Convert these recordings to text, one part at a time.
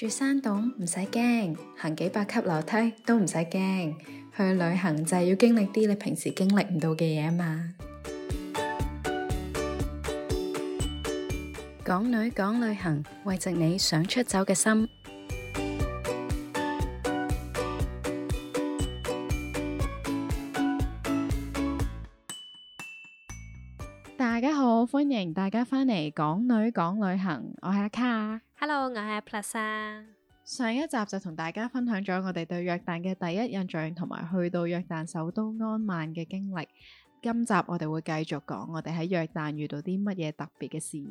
住山洞唔使驚，行幾百級樓梯都唔使驚。去旅行就係要經歷啲你平時經歷唔到嘅嘢嘛。港女港旅行，慰藉你想出走嘅心。歡迎大家返嚟《港女港旅行》，我係阿卡，Hello，我係阿 Plus 啊。上一集就同大家分享咗我哋對約旦嘅第一印象，同埋去到約旦首都安曼嘅經歷。今集我哋會繼續講我哋喺約旦遇到啲乜嘢特別嘅事。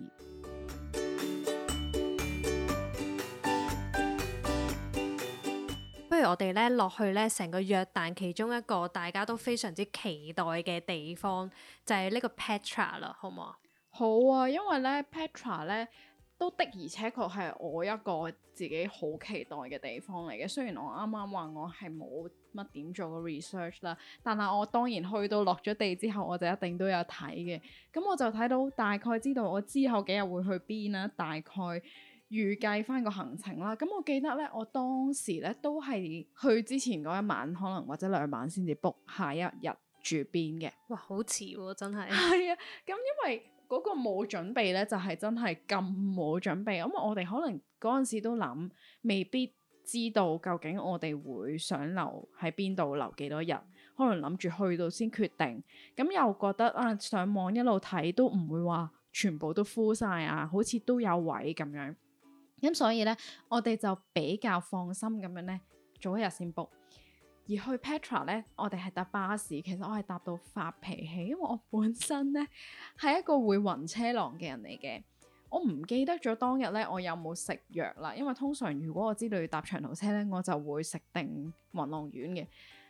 不如我哋咧落去咧成個約旦其中一個大家都非常之期待嘅地方，就係呢個 Petra 啦，好唔好？好啊，因為咧，Petra 咧都的，而且確係我一個自己好期待嘅地方嚟嘅。雖然我啱啱話我係冇乜點做個 research 啦，但係我當然去到落咗地之後，我就一定都有睇嘅。咁我就睇到大概知道我之後幾日會去邊啦，大概預計翻個行程啦。咁我記得咧，我當時咧都係去之前嗰一晚，可能或者兩晚先至 book 下一日住邊嘅。哇，好遲喎，真係係 啊，咁因為。嗰個冇準備咧，就係真係咁冇準備，因為我哋可能嗰陣時都諗未必知道究竟我哋會想留喺邊度留幾多日，可能諗住去到先決定。咁又覺得啊，上網一路睇都唔會話全部都 full 晒啊，好似都有位咁樣。咁所以咧，我哋就比較放心咁樣咧，早一日先 book。而去 Petra 咧，我哋係搭巴士。其實我係搭到發脾氣，因為我本身咧係一個會暈車浪嘅人嚟嘅。我唔記得咗當日咧，我有冇食藥啦。因為通常如果我知道要搭長途車咧，我就會食定暈浪丸嘅。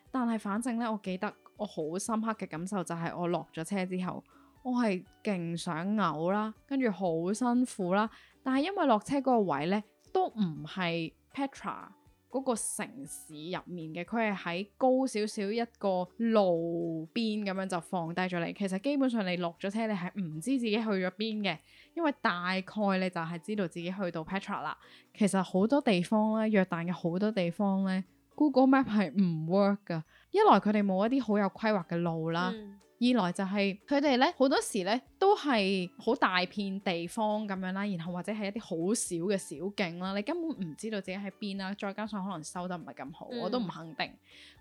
但係反正咧，我記得我好深刻嘅感受就係我落咗車之後，我係勁想嘔啦，跟住好辛苦啦。但係因為落車嗰個位咧都唔係 Petra。嗰個城市入面嘅，佢係喺高少少一個路邊咁樣就放低咗你。其實基本上你落咗車，你係唔知自己去咗邊嘅，因為大概你就係知道自己去到 Petra 啦。其實好多地方咧，約旦嘅好多地方咧，Google Map 係唔 work 噶。一來佢哋冇一啲好有規劃嘅路啦。嗯二來就係佢哋咧，好多時咧都係好大片地方咁樣啦，然後或者係一啲好小嘅小徑啦，你根本唔知道自己喺邊啦。再加上可能收得唔係咁好，嗯、我都唔肯定。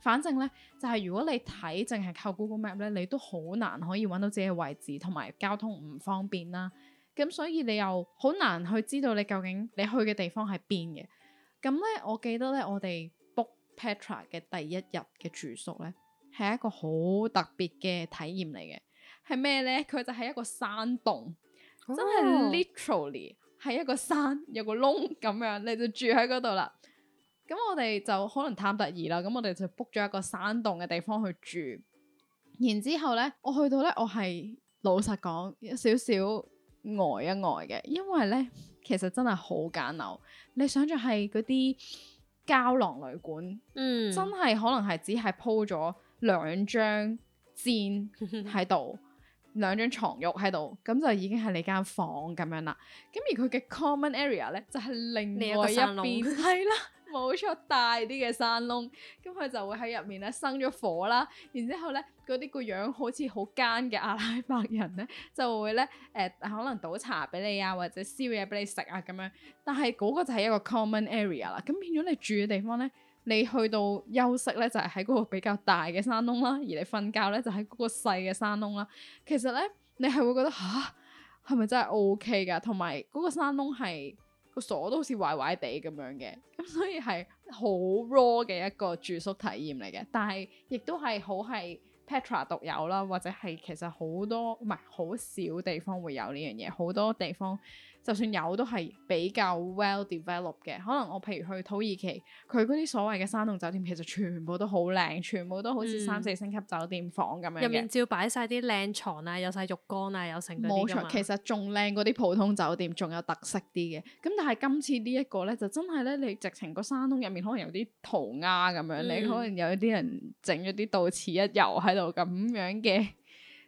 反正咧，就係、是、如果你睇淨係靠 Google Map 咧，你都好難可以搵到自己嘅位置同埋交通唔方便啦。咁所以你又好難去知道你究竟你去嘅地方喺邊嘅。咁咧，我記得咧，我哋 book Petra 嘅第一日嘅住宿咧。係一個好特別嘅體驗嚟嘅，係咩咧？佢就係一個山洞，Oh. 真係 literally 係一個山有個窿咁樣，你就住喺嗰度啦。咁我哋就可能貪得意啦，咁我哋就 book 咗一個山洞嘅地方去住。然之後咧，我去到咧，我係老實講有少少呆一呆嘅，因為咧其實真係好簡陋。你想象係嗰啲膠囊旅館，嗯，Mm. 真係可能係只係鋪咗。兩張氈喺度， 兩張床褥喺度，咁就已經係你間房咁樣啦。咁而佢嘅 common area 咧，就係、是、另外一邊，係啦，冇 錯，大啲嘅山窿。咁佢就會喺入面咧生咗火啦，然之後咧嗰啲個樣好似好奸嘅阿拉伯人咧，就會咧誒、呃、可能倒茶俾你啊，或者燒嘢俾你食啊咁樣。但係嗰個就係一個 common area 啦。咁變咗你住嘅地方咧。你去到休息咧，就係喺嗰個比較大嘅山窿啦；而你瞓覺咧，就喺、是、嗰個細嘅山窿啦。其實咧，你係會覺得吓，係、啊、咪真係 OK 噶？同埋嗰個山窿係個鎖都好似壞壞地咁樣嘅，咁所以係好 raw 嘅一個住宿體驗嚟嘅。但係亦都係好係 Petra 獨有啦，或者係其實好多唔係好少地方會有呢樣嘢，好多地方。就算有都係比較 well develop 嘅。可能我譬如去土耳其，佢嗰啲所謂嘅山洞酒店其實全部都好靚，全部都好似三四星級酒店房咁樣。嗯、入面照擺晒啲靚床啊，有晒浴缸啊，有成。冇錯，其實仲靚嗰啲普通酒店仲有特色啲嘅。咁但係今次呢一個咧，就真係咧，你直情個山洞入面可能有啲塗鴉咁樣，嗯、你可能有一啲人整咗啲到此一遊喺度咁樣嘅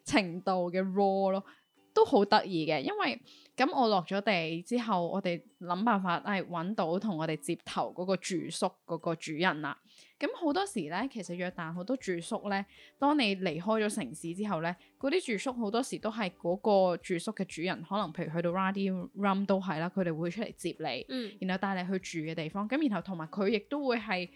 程度嘅 raw 咯，都好得意嘅，因為。咁我落咗地之後，我哋諗辦法，係揾到同我哋接頭嗰個住宿嗰個主人啦。咁好多時咧，其實約旦好多住宿咧，當你離開咗城市之後咧，嗰啲住宿好多時都係嗰個住宿嘅主人，可能譬如去到 Wadi Rum 都係啦，佢哋會出嚟接你，嗯、然後帶你去住嘅地方。咁然後同埋佢亦都會係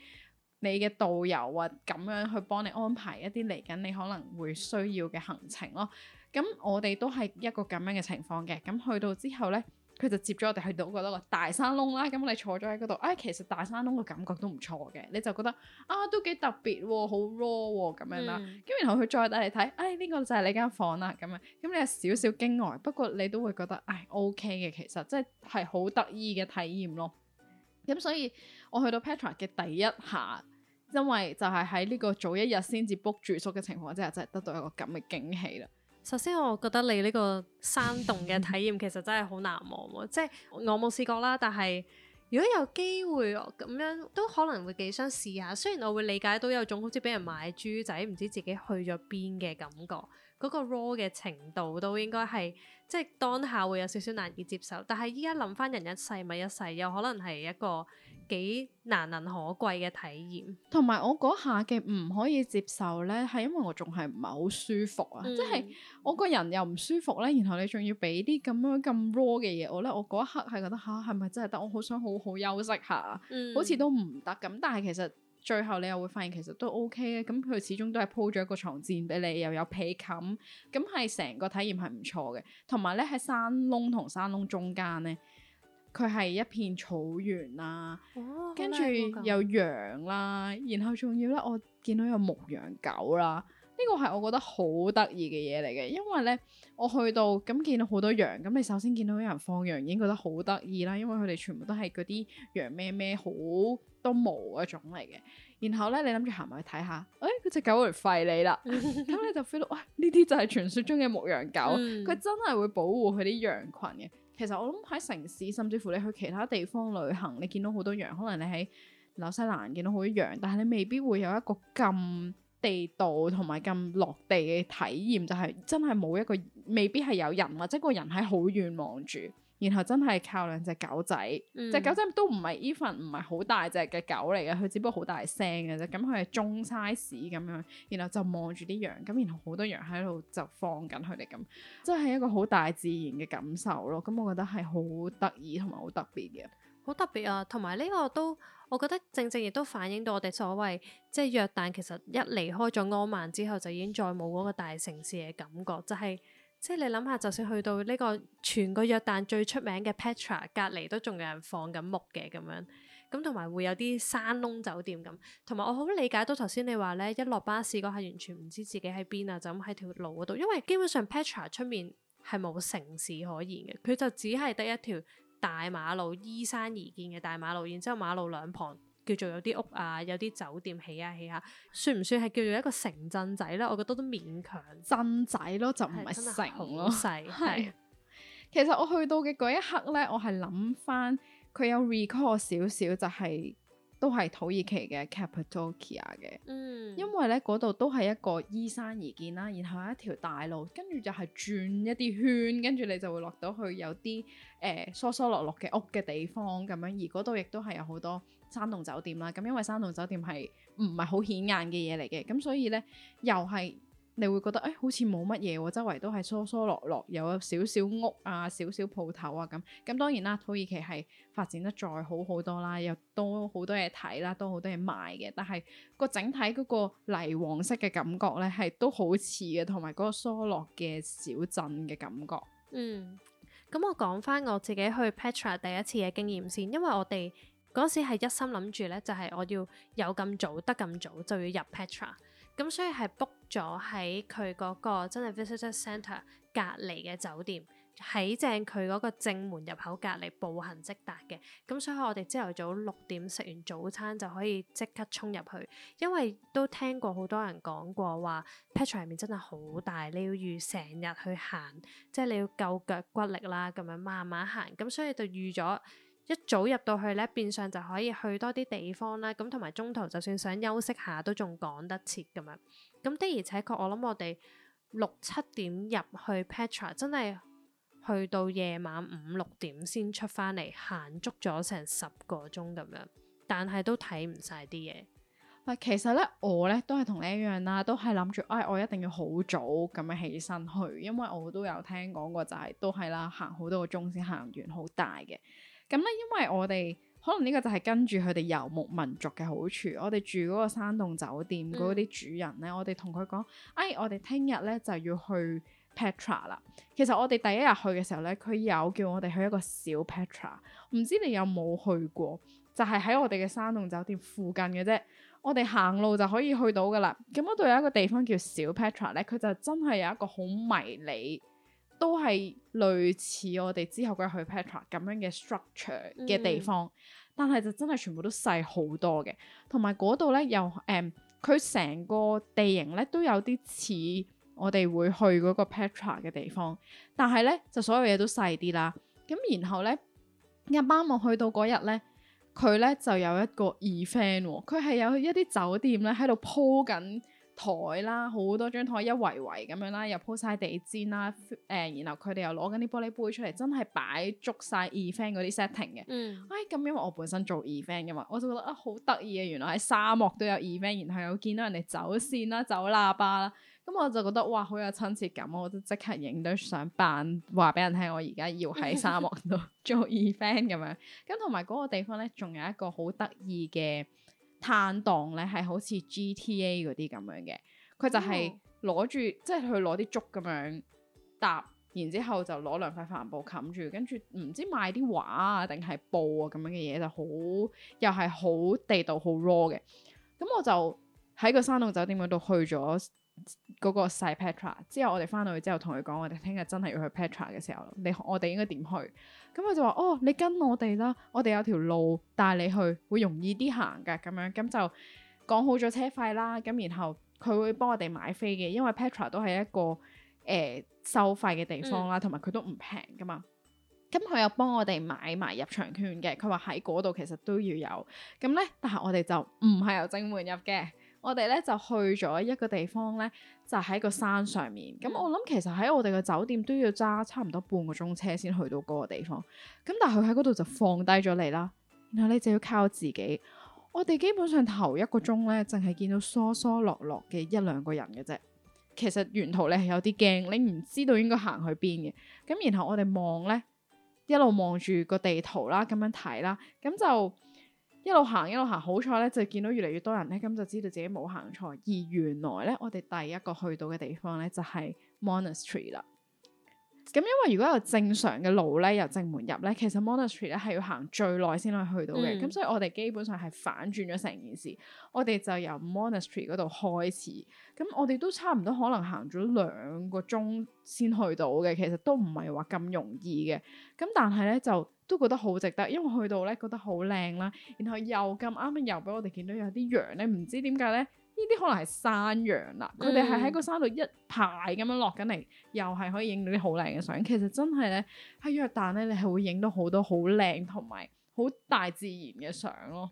你嘅導遊啊，咁樣去幫你安排一啲嚟緊你可能會需要嘅行程咯。咁我哋都係一個咁樣嘅情況嘅。咁去到之後咧，佢就接咗我哋去到嗰個大山窿啦。咁你坐咗喺嗰度，唉、哎，其實大山窿嘅感覺都唔錯嘅。你就覺得啊，都幾特別喎，好、哦、raw 咁、哦、樣啦。咁、嗯、然後佢再帶你睇，唉、哎、呢、這個就係你間房啦。咁樣咁你有少少驚外，不過你都會覺得唉、哎、OK 嘅。其實真係係好得意嘅體驗咯。咁所以我去到 Petra 嘅第一下，因為就係喺呢個早一日先至 book 住宿嘅情況之下，真係得到一個咁嘅驚喜啦。首先，我覺得你呢個山洞嘅體驗其實真係好難忘喎。即係我冇試過啦，但係如果有機會咁樣，都可能會幾想試下。雖然我會理解到有種好似俾人買豬仔，唔知自己去咗邊嘅感覺，嗰個 raw 嘅程度都應該係即係當下會有少少難以接受。但係依家諗翻人一世咪一世，又可能係一個幾難能可貴嘅體驗，同埋我嗰下嘅唔可以接受咧，係因為我仲係唔係好舒服啊，嗯、即係我個人又唔舒服咧。然後你仲要俾啲咁樣咁 raw 嘅嘢我咧，我嗰一刻係覺得吓，啊、係咪真係得？我好想好好休息下，嗯、好似都唔得咁。但係其實最後你又會發現其實都 OK 嘅。咁佢始終都係鋪咗一個床墊俾你，又有被冚，咁係成個體驗係唔錯嘅。同埋咧，喺山窿同山窿中間咧。佢係一片草原啦，哦、跟住有羊啦，嗯、然後仲要咧，嗯、我見到有牧羊狗啦。呢、這個係我覺得好得意嘅嘢嚟嘅，因為咧我去到咁見到好多羊，咁你首先見到有人放羊已經覺得好得意啦，因為佢哋全部都係嗰啲羊咩咩好多毛嘅種嚟嘅。然後咧，你諗住行埋去睇下，誒、哎，嗰、那、隻、個、狗嚟吠你啦，咁 你就 feel 到，喂、哎，呢啲就係傳說中嘅牧羊狗，佢真係會保護佢啲羊群嘅。其實我諗喺城市，甚至乎你去其他地方旅行，你見到好多羊。可能你喺紐西蘭見到好多羊，但係你未必會有一個咁地道同埋咁落地嘅體驗，就係真係冇一個未必係有人或者個人喺好遠望住。然後真係靠兩隻狗仔，嗯、隻狗仔都唔係 even 唔係好大隻嘅狗嚟嘅，佢只不過好大聲嘅啫。咁佢係中 size 咁樣，然後就望住啲羊，咁然後好多羊喺度就放緊佢哋咁，真、就、係、是、一個好大自然嘅感受咯。咁我覺得係好得意同埋好特別嘅，好特別啊！同埋呢個都，我覺得正正亦都反映到我哋所謂即係約旦，但其實一離開咗安曼之後，就已經再冇嗰個大城市嘅感覺，就係、是。即係你諗下，就算去到呢個全個約旦最出名嘅 Petra 隔離，都仲有人放緊木嘅咁樣，咁同埋會有啲山窿酒店咁。同埋我好理解到頭先你話咧，一落巴士嗰係完全唔知自己喺邊啊，就咁喺條路嗰度。因為基本上 Petra 出面係冇城市可言嘅，佢就只係得一條大馬路依山而建嘅大馬路，然之後馬路兩旁。叫做有啲屋啊，有啲酒店起啊起啊，算唔算係叫做一個城鎮仔咧？我覺得都勉強鎮仔咯，就唔係城咯。係係， 是是其實我去到嘅嗰一刻咧，我係諗翻佢有 recall 我少少，就係、是。都係土耳其嘅 Cappadocia 嘅，mm. 因為咧嗰度都係一個依山而建啦，然後有一條大路，跟住就係轉一啲圈，跟住你就會落到去有啲誒疏疏落落嘅屋嘅地方咁樣，而嗰度亦都係有好多山洞酒店啦。咁因為山洞酒店係唔係好顯眼嘅嘢嚟嘅，咁所以咧又係。你會覺得誒、欸、好似冇乜嘢喎，周圍都係疏疏落落，有少少屋啊，少少鋪頭啊咁。咁當然啦，土耳其係發展得再好好多啦，又多好多嘢睇啦，都好多嘢賣嘅。但係個整體嗰個泥黃色嘅感覺咧，係都好似嘅，同埋嗰個疏落嘅小鎮嘅感覺。嗯，咁我講翻我自己去 Petra 第一次嘅經驗先，因為我哋嗰時係一心諗住咧，就係我要有咁早得咁早就要入 Petra。咁所以係 book 咗喺佢嗰個真係 Visitor Center 隔離嘅酒店，喺正佢嗰個正門入口隔離步行即達嘅。咁所以我哋朝頭早六點食完早餐就可以即刻沖入去，因為都聽過好多人講過話，Petra 入面真係好大，你要預成日去行，即係你要夠腳骨力啦，咁樣慢慢行。咁所以就預咗。一早入到去咧，變相就可以去多啲地方啦。咁同埋中途就算想休息下，都仲趕得切咁樣。咁的而且確，我諗我哋六七點入去 Petra，真係去到夜晚五六點先出翻嚟，行足咗成十個鐘咁樣，但係都睇唔晒啲嘢。其實咧，我咧都係同你一樣啦，都係諗住唉，我一定要好早咁樣起身去，因為我都有聽講過、就係，就係都係啦，行好多個鐘先行完，好大嘅。咁咧，因為我哋可能呢個就係跟住佢哋遊牧民族嘅好處，我哋住嗰個山洞酒店嗰啲、嗯、主人咧，我哋同佢講，哎，我哋聽日咧就要去 Petra 啦。其實我哋第一日去嘅時候咧，佢有叫我哋去一個小 Petra，唔知你有冇去過？就係、是、喺我哋嘅山洞酒店附近嘅啫，我哋行路就可以去到噶啦。咁嗰度有一個地方叫小 Petra 咧，佢就真係有一個好迷你。都係類似我哋之後嗰日去 Petra 咁樣嘅 structure 嘅地、嗯嗯、地、地方，但係就真係全部都細好多嘅，同埋嗰度咧又誒，佢成個地形咧都有啲似我哋會去嗰個 Petra 嘅地方，但係咧就所有嘢都細啲啦。咁然後咧一晚我去到嗰日咧，佢咧就有一個 event，佢係有一啲酒店咧喺度鋪緊。台啦，好多張台一圍圍咁樣啦，又鋪晒地氈啦，誒、呃，然後佢哋又攞緊啲玻璃杯出嚟，真係擺足晒 event 嗰啲 setting 嘅。嗯，哎，咁因為我本身做 event 噶嘛，我就覺得啊好得意啊，原來喺沙漠都有 event，然後又見到人哋走線啦、走喇叭啦，咁我就覺得哇好有親切感，我都即刻影堆相，扮話俾人聽，我而家要喺沙漠度 做 event 咁樣。咁同埋嗰個地方咧，仲有一個好得意嘅。攤檔咧係好似 GTA 嗰啲咁樣嘅，佢就係攞住即係去攞啲竹咁樣搭，然之後就攞兩塊帆布冚住，跟住唔知賣啲畫啊定係布啊咁樣嘅嘢就好，又係好地道好 raw 嘅。咁我就喺個山洞酒店嗰度去咗嗰個細 Petra 之後，我哋翻到去之後，同佢講我哋聽日真係要去 Petra 嘅時候，你我哋應該點去？咁佢就話：哦，你跟我哋啦，我哋有條路帶你去，會容易啲行㗎咁樣。咁就講好咗車費啦。咁然後佢會幫我哋買飛嘅，因為 Petra 都係一個誒、呃、收費嘅地方啦，同埋佢都唔平噶嘛。咁佢又幫我哋買埋入場券嘅。佢話喺嗰度其實都要有。咁咧，但係我哋就唔係由正門入嘅。我哋咧就去咗一個地方咧，就喺個山上面。咁我諗其實喺我哋嘅酒店都要揸差唔多半個鐘車先去到嗰個地方。咁但係佢喺嗰度就放低咗你啦，然後你就要靠自己。我哋基本上頭一個鐘咧，淨係見到疏疏落落嘅一兩個人嘅啫。其實沿途咧係有啲驚，你唔知道應該行去邊嘅。咁然後我哋望咧，一路望住個地圖啦，咁樣睇啦，咁就。一路行一路行，好彩咧就見到越嚟越多人咧，咁就知道自己冇行錯。而原來咧，我哋第一個去到嘅地方咧就係、是、Monastery 啦。咁因為如果有正常嘅路咧，由正門入咧，其實 Monastery 咧係要行最耐先可以去到嘅。咁、嗯、所以我哋基本上係反轉咗成件事。我哋就由 Monastery 嗰度開始。咁我哋都差唔多可能行咗兩個鐘先去到嘅，其實都唔係話咁容易嘅。咁但係咧就。都覺得好值得，因為去到咧覺得好靚啦，然後又咁啱又俾我哋見到有啲羊咧，唔知點解咧，呢啲可能係山羊啦，佢哋係喺個山度一排咁樣落緊嚟，又係可以影到啲好靚嘅相。其實真係咧喺約旦咧，你係會影到好多好靚同埋好大自然嘅相咯。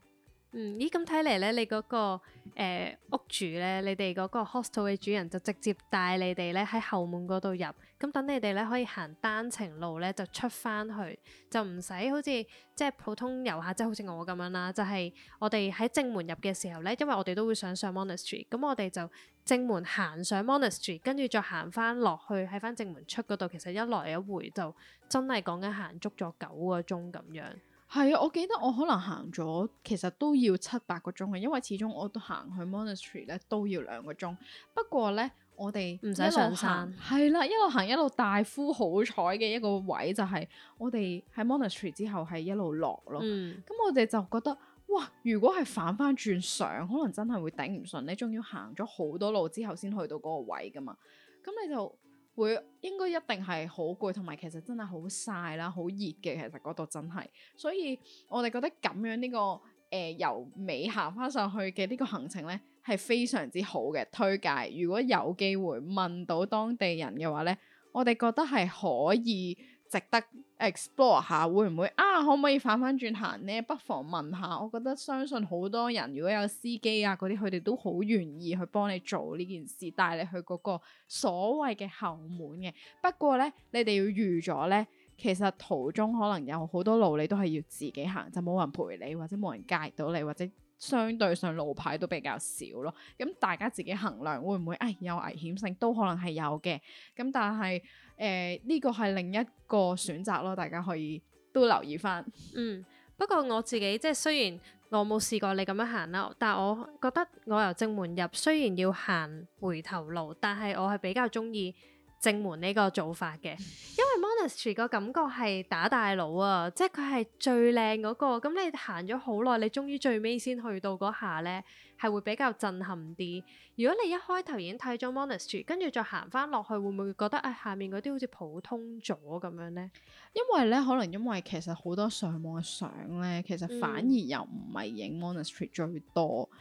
嗯，咦，咁睇嚟咧，你嗰個，誒，屋主咧，你哋嗰個 hostel 嘅主人就直接帶你哋咧喺後門嗰度入，咁等你哋咧可以行單程路咧就出翻去，就唔使好似即係普通遊客，即係好似我咁樣啦，就係我哋喺正門入嘅時候咧，因為我哋都會想上 monastery，咁我哋就正門行上 monastery，跟住再行翻落去喺翻正門出嗰度，其實一來一回就真係講緊行足咗九個鐘咁樣。係啊，我記得我可能行咗，其實都要七八個鐘嘅，因為始終我都行去 monastery 咧都要兩個鐘。不過咧，我哋唔使上山，係啦，一路行一路大呼好彩嘅一個位就係、是、我哋喺 monastery 之後係一路落咯。咁、嗯、我哋就覺得哇，如果係反翻轉上，可能真係會頂唔順。你仲要行咗好多路之後先去到嗰個位噶嘛。咁你就～會應該一定係好攰，同埋其實真係好曬啦，好熱嘅。其實嗰度真係，所以我哋覺得咁樣呢、呢個誒、呃、由尾行翻上去嘅呢個行程咧，係非常之好嘅推介。如果有機會問到當地人嘅話咧，我哋覺得係可以。值得 explore 下，會唔會啊？可唔可以反翻轉行咧？不妨問下，我覺得相信好多人如果有司機啊嗰啲，佢哋都好願意去幫你做呢件事，帶你去嗰個所謂嘅後門嘅。不過咧，你哋要預咗咧，其實途中可能有好多路你都係要自己行，就冇人陪你，或者冇人介到你，或者相對上路牌都比較少咯。咁大家自己衡量會唔會？誒、哎、有危險性都可能係有嘅。咁但係。誒，呢個係另一個選擇囉，大家可以都留意返。嗯，不過我自己即係雖然我冇試過你咁樣行啦，但係我覺得我由正門入，雖然要行回頭路，但係我係比較鍾意正門呢個做法嘅，因為 monastery 個感覺係打大佬啊，即係佢係最靚嗰個。咁你行咗好耐，你終於最尾先去到嗰下呢，係會比較震撼啲。如果你一開頭已經睇咗 monastery，跟住再行翻落去，會唔會覺得誒下面嗰啲好似普通咗咁樣呢？因為呢，可能因為其實好多上網嘅相呢，其實反而又唔係影 monastery 最多。嗯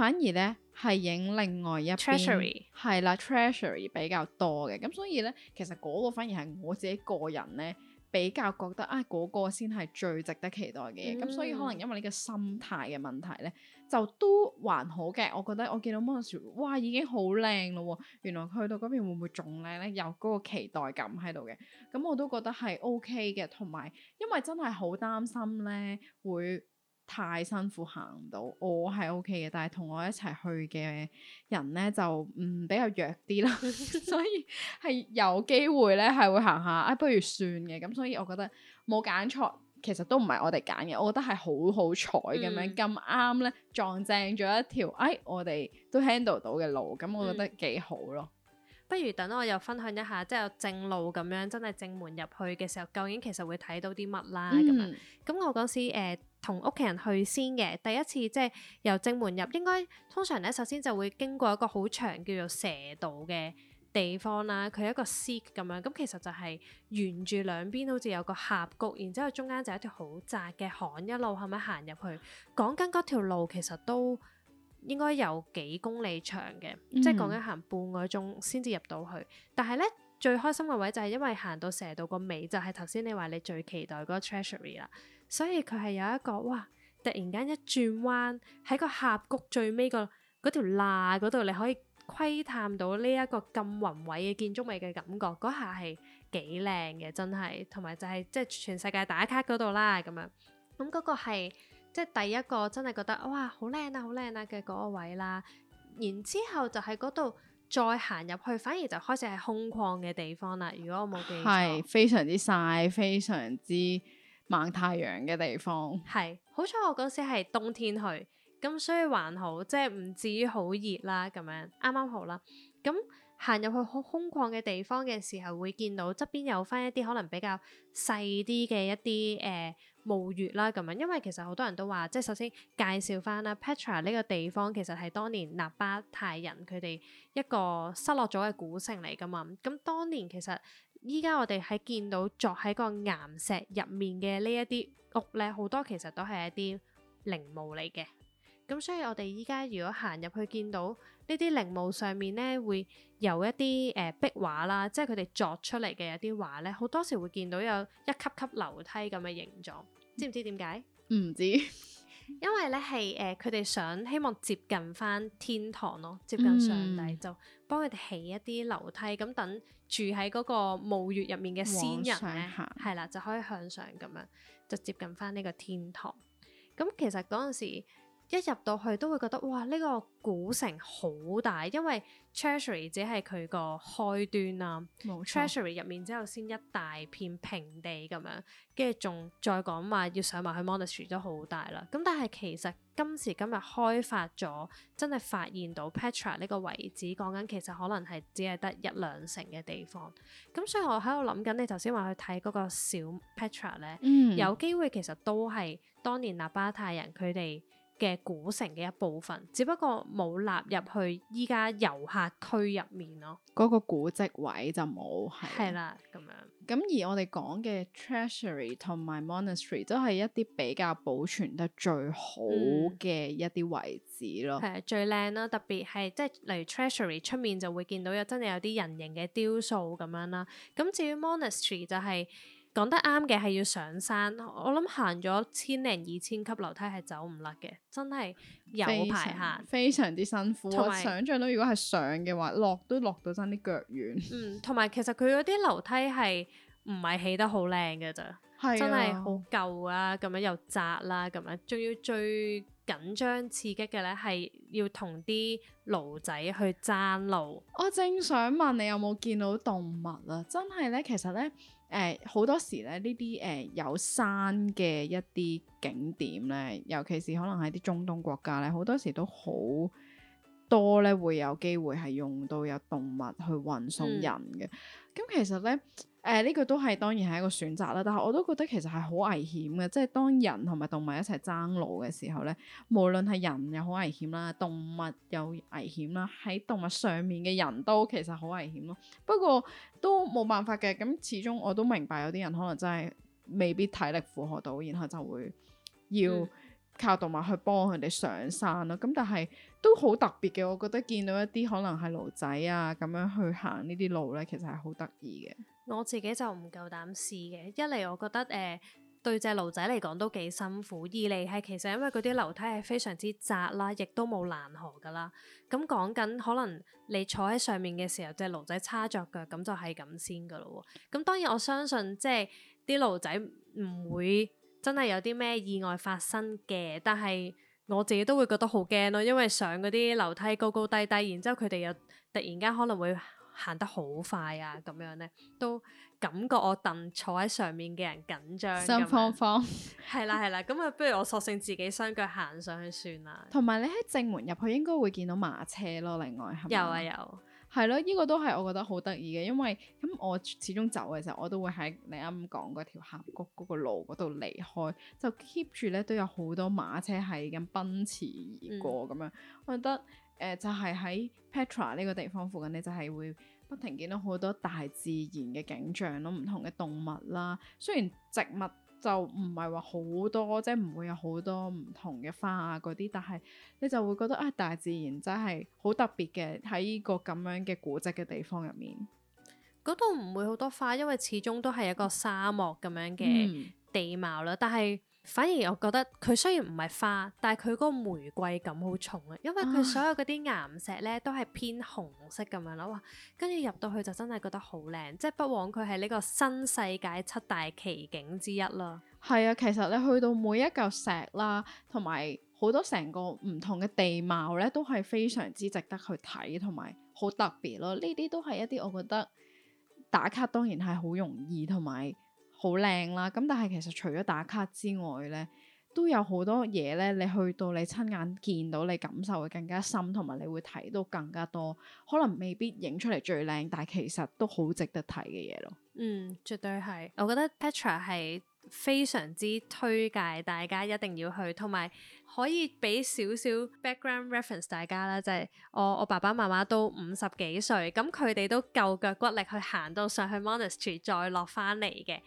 反而咧係影另外一邊，係啦 Treasury，Treasury 比較多嘅，咁所以咧，其實嗰個反而係我自己個人咧比較覺得啊，嗰、哎嗰個先係最值得期待嘅嘢。咁、嗯、所以可能因為你個心態嘅問題咧，就都還好嘅。我覺得我見到嗰陣時，哇，已經好靚咯，原來去到嗰邊會唔會仲靚咧？有嗰個期待感喺度嘅，咁我都覺得係 OK 嘅。同埋因為真係好擔心咧會太辛苦行唔到，我係 OK 嘅，但係同我一齊去嘅人咧就，嗯，比較弱啲咯。 所以係有機會咧係會行下，哎不如算嘅，咁所以我覺得冇揀錯，其實都唔係我哋揀嘅，我覺得係好好彩咁樣咁啱咧撞正咗一條，哎我哋都 handle 到嘅路，咁我覺得幾好咯。不如等我又分享一下，即係正路咁樣，真係正門入去嘅時候，究竟其實會睇到啲乜啦咁、嗯、樣。咁我嗰時誒同屋企人先去先嘅，第一次即係由正門入，應該通常咧首先就會經過一個好長叫做蛇道嘅地方啦，佢係一個 Siq 咁樣，咁、嗯、其實就係沿住兩邊好似有個峽谷，然之後中間就一條好窄嘅巷一路，係咪行入去？講緊嗰條路其實都。應該有幾公里長嘅，嗯、即係講緊行半個鐘先至入到去。但係咧最開心嘅位就係因為行到蛇道個尾就係頭先你話你最期待嗰個 treasury 啦，所以佢係有一個哇，突然間一轉彎喺個峽谷最尾個嗰條罅嗰度，你可以窺探到呢一個咁宏偉嘅建築物嘅感覺，嗰下係幾靚嘅，真係同埋就係即係全世界打卡嗰度啦咁樣。咁、嗯、嗰、嗰個係。即係第一個真係覺得哇好靚啊，好靚啊嘅嗰個位啦，然之後就喺嗰度再行入去，反而就開始係空曠嘅地方啦。如果我冇記錯，係非常之曬、非常之猛太陽嘅地方。係好彩我嗰時係冬天去，咁所以還好，即係唔至於好熱啦咁樣，啱啱好啦咁。行入去好空曠嘅地方嘅時候，會見到側邊有翻一啲可能比較細啲嘅一啲誒墓穴啦。咁樣，因為其實好多人都話，即係首先介紹翻啦，Petra 呢個地方其實係當年納巴泰人佢哋一個失落咗嘅古城嚟㗎嘛。咁當年其實依家我哋喺見到作喺個岩石入面嘅呢一啲屋咧，好多其實都係一啲陵墓嚟嘅。咁所以我哋依家如果行入去見到呢啲陵墓上面咧，會。有一啲誒、呃、壁畫啦，即係佢哋作出嚟嘅一啲畫咧，好多時會見到有一級級樓梯咁嘅形狀，知唔知點解？唔、嗯、知，因為咧係誒佢哋想希望接近翻天堂咯，接近上帝、嗯、就幫佢哋起一啲樓梯，咁等住喺嗰個墓穴入面嘅先人咧，係上啦，就可以向上咁樣，就接近翻呢個天堂。咁、嗯、其實嗰陣時。一入到去都會覺得哇！呢、這個古城好大，因為 Treasury 只係佢個開端啦、啊。冇錯。Treasury 入面之後先一大片平地咁樣，跟住仲再講話要上埋去 Monastery 都好大啦。咁但係其實今時今日開發咗，真係發現到 Petra 呢個位置講緊其實可能係只係得一兩成嘅地方。咁所以我喺度諗緊，你頭先話去睇嗰個小 Petra 咧，嗯、有機會其實都係當年納巴泰人佢哋嘅古城嘅一部分，只不過冇納入去依家遊客區入面咯。嗰個古蹟位就冇係。係啦，咁樣。咁而我哋講嘅 treasury 同埋 monastery 都係一啲比較保存得最好嘅一啲位置咯。係啊、嗯，最靚啦，特別係即係例如 treasury 出面就會見到有真係有啲人形嘅雕塑咁樣啦。咁至於 monastery 就係、是。講得啱嘅係要上山，我諗行咗千零二千級樓梯係走唔甩嘅，真係有排行，非常之辛苦。同埋我想象到如果係上嘅話，落都落到差啲腳軟。嗯，同埋其實佢嗰啲樓梯係唔係起得好靚嘅咋，真係好舊啊，咁樣又窄啦、啊，咁樣仲、啊、要最緊張刺激嘅咧係要同啲驢仔去爭路。我正想問你有冇見到動物啊？真係咧，其實咧。誒好、呃、多時咧，呢啲誒有山嘅一啲景點咧，尤其是可能喺啲中東國家咧，好多時都好。多咧會有機會係用到有動物去運送人嘅，咁、嗯、其實咧，誒、呃、呢、呢個都係當然係一個選擇啦。但係我都覺得其實係好危險嘅，即係當人同埋動物一齊爭路嘅時候咧，無論係人又好危險啦，動物又危險啦，喺動物上面嘅人都其實好危險咯。不過都冇辦法嘅，咁始終我都明白有啲人可能真係未必體力符合到，然後就會要。嗯靠動物去幫佢哋上山咯，咁但係都好特別嘅。我覺得見到一啲可能係驢仔啊，咁樣去行呢啲路咧，其實係好得意嘅。我自己就唔夠膽試嘅，一嚟我覺得誒、呃，對隻驢仔嚟講都幾辛苦；二嚟係其實因為嗰啲樓梯係非常之窄啦，亦都冇欄河噶啦。咁講緊可能你坐喺上面嘅時候，隻驢仔叉着腳，咁就係咁先噶咯。咁當然我相信即係啲驢仔唔會。真係有啲咩意外發生嘅，但係我自己都會覺得好驚咯，因為上嗰啲樓梯高高低低，然之後佢哋又突然間可能會行得好快啊，咁樣咧都感覺我替坐喺上面嘅人緊張。心慌慌，係啦係啦，咁啊不如我索性自己雙腳行上去算啦。同埋你喺正門入去應該會見到馬車咯，另外有啊有。係咯，呢、這個都係我覺得好得意嘅，因為咁我始終走嘅時候，我都會喺你啱講嗰條峽谷嗰個路嗰度離開，就 keep 住咧都有好多馬車係咁奔馳而過咁、嗯、樣，我覺得誒、呃、就係、是、喺 Petra 呢個地方附近咧，就係、是、會不停見到好多大自然嘅景象咯，唔同嘅動物啦，雖然植物。就唔係話好多，即係唔會有好多唔同嘅花啊嗰啲，但係你就會覺得啊，大自然真係好特別嘅喺呢個咁樣嘅古蹟嘅地方入面，嗰度唔會好多花，因為始終都係一個沙漠咁樣嘅地貌啦，嗯、但係。反而我覺得佢雖然唔係花，但係佢嗰個玫瑰感好重啊！因為佢所有嗰啲岩石咧都係偏紅色咁樣咯哇，跟住入到去就真係覺得好靚，即係不枉佢係呢個新世界七大奇景之一咯。係啊，其實你去到每一嚿石啦，同埋好多成個唔同嘅地貌咧，都係非常之值得去睇，同埋好特別咯。呢啲都係一啲我覺得打卡當然係好容易，同埋。好靚啦，咁但係其實除咗打卡之外咧，都有好多嘢咧，你去到你親眼見到，你感受會更加深，同埋你會睇到更加多，可能未必影出嚟最靚，但係其實都好值得睇嘅嘢咯。嗯，絕對係，我覺得 Petra 係非常之推介大家一定要去，同埋可以俾少少 background reference 大家啦，就係、是、我我爸爸媽媽都五十幾歲，咁佢哋都夠腳骨力去行到上去 Monastery 再落翻嚟嘅。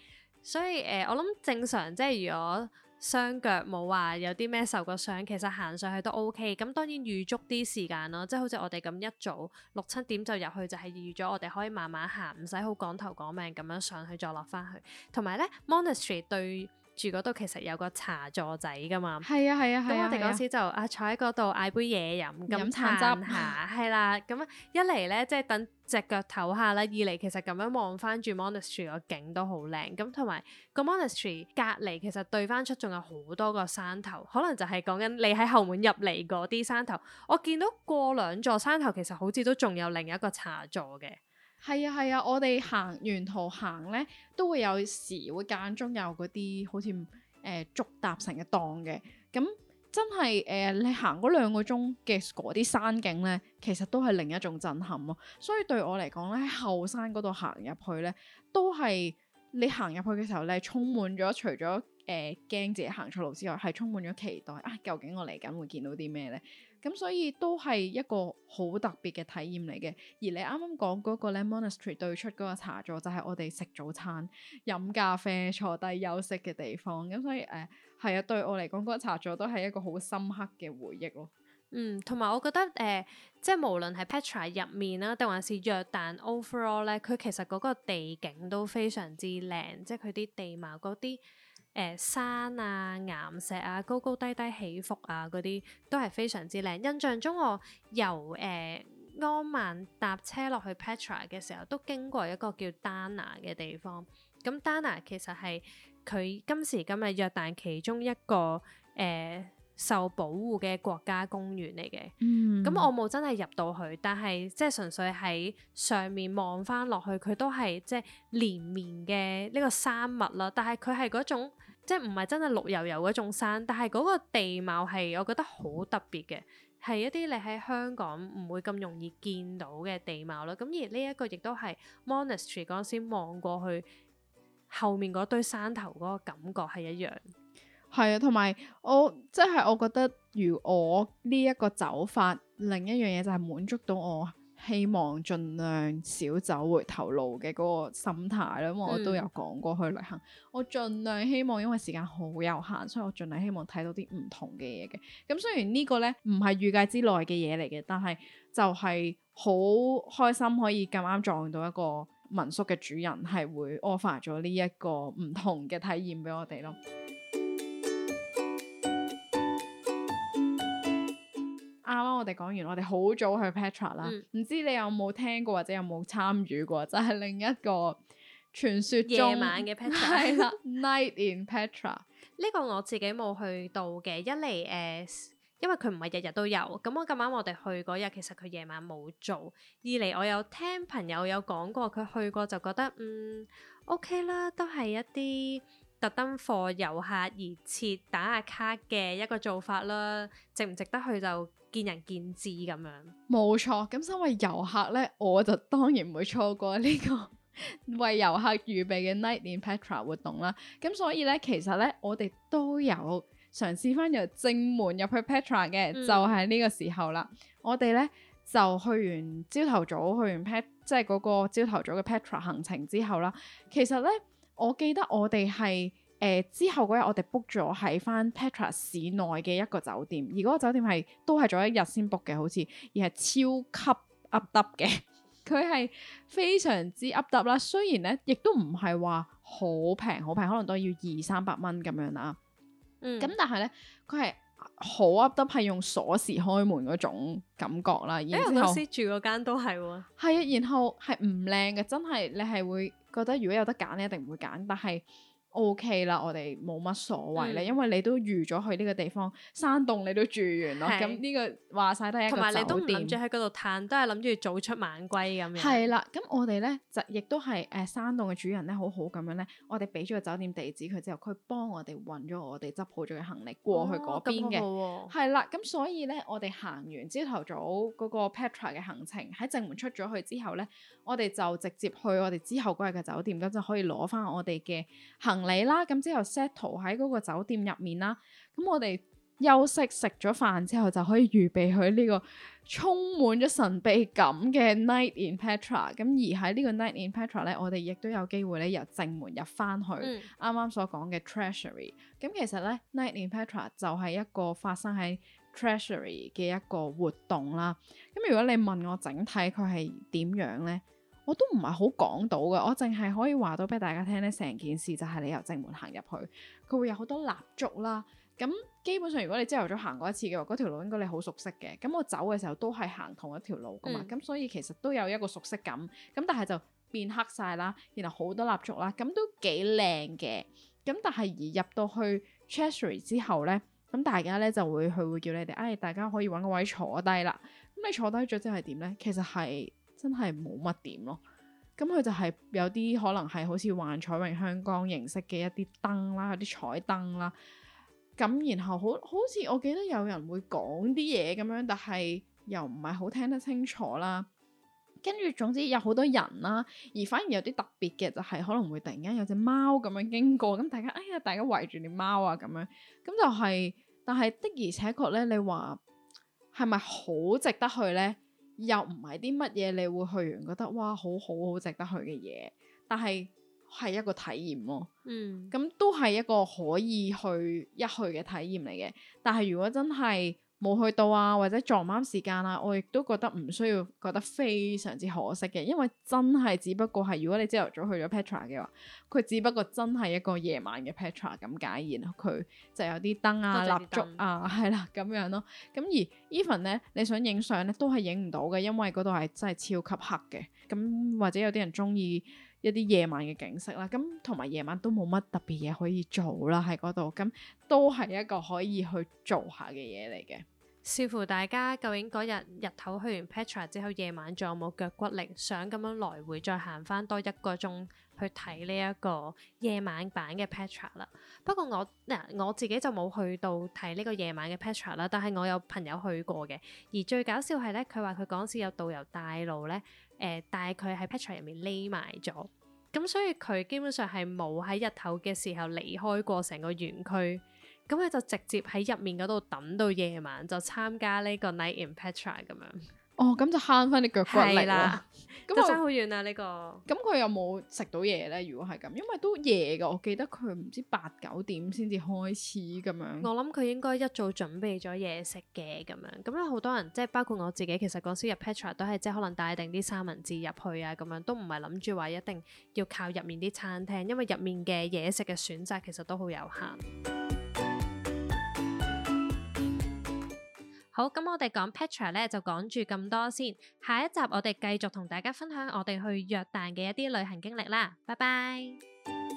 所以誒、呃，我諗正常即係如果雙腳冇話有啲咩受過傷，其實行上去都 OK。咁當然預足啲時間咯，即係好似我哋咁一早六七點就入去，就係、是、預咗我哋可以慢慢行，唔使好趕頭趕命咁樣上去再落翻去。同埋咧，Monastery 對住嗰度其實有個茶座仔㗎嘛，係啊係啊，咁、啊啊、我哋嗰時就啊，啊坐喺嗰度嗌杯嘢飲，飲，咁撐下，係啦，咁一嚟咧即係等隻腳唞下啦，二嚟其實咁樣望翻住 Monastery 個景都好靚，咁同埋個 Monastery 隔離其實對翻出仲有好多個山頭，可能就係講緊你喺後門入嚟嗰啲山頭，我見到過兩座山頭其實好似都仲有另一個茶座嘅。係啊係啊，我哋行沿途行咧，都會有時會間中有嗰啲好似誒、呃、竹搭成嘅檔嘅。咁真係誒、呃，你行嗰兩個鐘嘅嗰啲山景咧，其實都係另一種震撼咯。所以對我嚟講咧，喺後山嗰度行入去咧，都係你行入去嘅時候咧，係充滿咗除咗誒驚自己行錯路之外，係充滿咗期待啊！究竟我嚟緊會見到啲咩咧？咁所以都係一個好特別嘅體驗嚟嘅，而你啱啱講嗰個呢，Monastery 對出嗰個茶座就係我哋食早餐、飲咖啡、坐低休息嘅地方。咁所以誒，係、呃、啊，對我嚟講嗰個茶座都係一個好深刻嘅回憶咯。嗯，同埋我覺得誒、呃，即係無論係 Petra 入面啦，定還是約旦 Overall 咧，佢其實嗰個地景都非常之靚，即係佢啲地貌嗰啲。誒、呃、山啊、岩石啊、高高低低起伏啊，嗰啲都係非常之靚。印象中我由誒、呃、安曼搭車落去 Petra 嘅時候，都經過一個叫 Dana 嘅地方。咁 Dana 其實係佢今時今日約旦其中一個誒、呃、受保護嘅國家公園嚟嘅。咁、嗯、我冇真係入到去，但係即係純粹喺上面望翻落去，佢都係即係連綿嘅呢個山脈啦。但係佢係嗰種。即係唔係真係綠油油嗰種山，但係嗰個地貌係我覺得好特別嘅，係一啲你喺香港唔會咁容易見到嘅地貌咯。咁而呢一個亦都係 monastery，嗰陣時望過去後面嗰堆山頭嗰個感覺係一樣，係啊。同埋我即係、就是、我覺得，如我呢一個走法，另一樣嘢就係滿足到我。希望儘量少走回頭路嘅嗰個心態啦，因為、嗯、我都有講過去旅行，我儘量希望，因為時間好有限，所以我盡量希望睇到啲唔同嘅嘢嘅。咁雖然個呢個咧唔係預計之內嘅嘢嚟嘅，但係就係好開心可以咁啱撞到一個民宿嘅主人係會 offer 咗呢一個唔同嘅體驗俾我哋咯。啱啱我哋講完，我哋好早去 Petra 啦、嗯，唔知你有冇聽過或者有冇參與過，就係另一個傳説中夜晚嘅 Petra，Night 了 in Petra。呢個我自己冇去到嘅，一嚟誒，因為佢唔係日日都有，咁我咁啱我哋去嗰日其實佢夜晚冇做。二嚟我有聽朋友有講過，佢去過就覺得嗯 OK 啦，都係一啲特登為遊客而設打下卡嘅一個做法啦，值唔值得去就？見仁見智咁樣，冇錯。咁身為遊客咧，我就當然唔會錯過呢個 為遊客預備嘅 Night in Petra 活動啦。咁所以咧，其實咧，我哋都有嘗試翻由正門入去 Petra 嘅，嗯、就係呢個時候啦。我哋咧就去完朝頭早去完 Pet，即係嗰個朝頭早嘅 Petra 行程之後啦。其實咧，我記得我哋係。誒、呃、之後嗰日我哋 book 咗喺翻 Petra 市內嘅一個酒店，而嗰個酒店係都係早一日先 book 嘅，好似而係超級凹凸嘅，佢係 非常之凹凸啦。雖然咧，亦都唔係話好平，好平，可能都要二三百蚊咁樣啦。嗯，咁但係咧，佢係好凹凸，係用鎖匙開門嗰種感覺啦。誒、欸，我公司住嗰間都係喎、哦，係啊，然後係唔靚嘅，真係你係會覺得，如果有得揀，你一定唔會揀，但係。O.K. 啦，我哋冇乜所謂咧，嗯、因為你都預咗去呢個地方山洞，你都住完咯。咁呢是、呢個話晒都係同埋你都諗住喺嗰度嘆，都係諗住早出晚歸咁樣。係啦，咁我哋咧就亦都係誒、呃、山洞嘅主人咧，好好咁樣咧，我哋俾咗個酒店地址佢之後幫，佢幫我哋運咗我哋執好咗嘅行李過去嗰邊嘅。係啦、哦，咁所以咧，我哋行完朝頭早嗰個 Petra 嘅行程，喺正門出咗去之後咧，我哋就直接去我哋之後嗰日嘅酒店，咁就可以攞翻我哋嘅行李。你啦，咁之後 settle 喺嗰個酒店入面啦，咁我哋休息食咗飯之後，就可以預備佢呢個充滿咗神秘感嘅 night in Petra。咁而喺呢個 night in Petra 咧，我哋亦都有機會咧由正門入翻去啱啱、嗯、所講嘅 treasury。咁其實咧，night in Petra 就係一個發生喺 treasury 嘅一個活動啦。咁如果你問我整體佢係點樣咧？我都唔係好講到嘅，我淨係可以話到俾大家聽咧，成件事就係你由正門行入去，佢會有好多蠟燭啦。咁基本上，如果你朝頭早行過一次嘅話，嗰條路應該你好熟悉嘅。咁我走嘅時候都係行同一條路噶嘛，咁、嗯、所以其實都有一個熟悉感。咁但係就變黑晒啦，然後好多蠟燭啦，咁都幾靚嘅。咁但係而入到去 Treasury 之後咧，咁大家咧就會去會叫你哋，唉、哎，大家可以搵個位坐低啦。咁你坐低咗之後係點咧？其實係。真係冇乜點咯，咁佢就係有啲可能係好似幻彩詠香江形式嘅一啲燈啦，有啲彩燈啦，咁然後好好似我記得有人會講啲嘢咁樣，但係又唔係好聽得清楚啦。跟住總之有好多人啦，而反而有啲特別嘅就係可能會突然間有隻貓咁樣經過，咁大家哎呀，大家圍住啲貓啊咁樣，咁就係、是，但係的而且確咧，你話係咪好值得去咧？又唔係啲乜嘢，你會去完覺得，哇，好好好值得去嘅嘢，但係係一個體驗咯、哦。嗯，嗯，咁都係一個可以去一去嘅體驗嚟嘅。但係如果真係，冇去到啊，或者撞啱時間啊，我亦都覺得唔需要覺得非常之可惜嘅，因為真係只不過係如果你朝頭早去咗 Petra 嘅話，佢只不過真係一個夜晚嘅 Petra 咁解，然後佢就有啲燈啊、蠟燭啊，係、啊嗯啊、啦咁樣咯。咁、嗯、而 Even 咧，你想影相咧都係影唔到嘅，因為嗰度係真係超級黑嘅。咁、嗯、或者有啲人中意一啲夜晚嘅景色啦，咁同埋夜晚都冇乜特別嘢可以做啦喺嗰度，咁、嗯、都係一個可以去做下嘅嘢嚟嘅。視乎大家究竟嗰日日頭去完 Petra 之後，夜晚仲有冇腳骨力，想咁樣來回再行翻多一個鐘去睇呢一個夜晚版嘅 Petra 啦。不過我嗱我自己就冇去到睇呢個夜晚嘅 Petra 啦，但係我有朋友去過嘅，而最搞笑係咧，佢話佢嗰陣時有導遊帶路咧，誒帶佢喺 Petra 入面匿埋咗，咁所以佢基本上係冇喺日頭嘅時候離開過成個園區。咁佢就直接喺入面嗰度等到夜晚，就參加呢個 Night in Petra 咁樣。哦，咁就慳翻啲腳骨力啦。係啦，咁就差好遠啊！呢個咁佢有冇食到嘢咧？如果係咁，因為都夜噶，我記得佢唔知八九點先至開始咁樣。我諗佢應該一早準備咗嘢食嘅咁樣。咁咧，好多人即係包括我自己，其實嗰時入 Petra 都係即係可能帶定啲三文治入去啊，咁樣都唔係諗住話一定要靠入面啲餐廳，因為入面嘅嘢食嘅選擇其實都好有限。好，咁我哋講 Petra 呢，就講住咁多先。下一集我哋繼續同大家分享我哋去約旦嘅一啲旅行經歷啦。拜拜。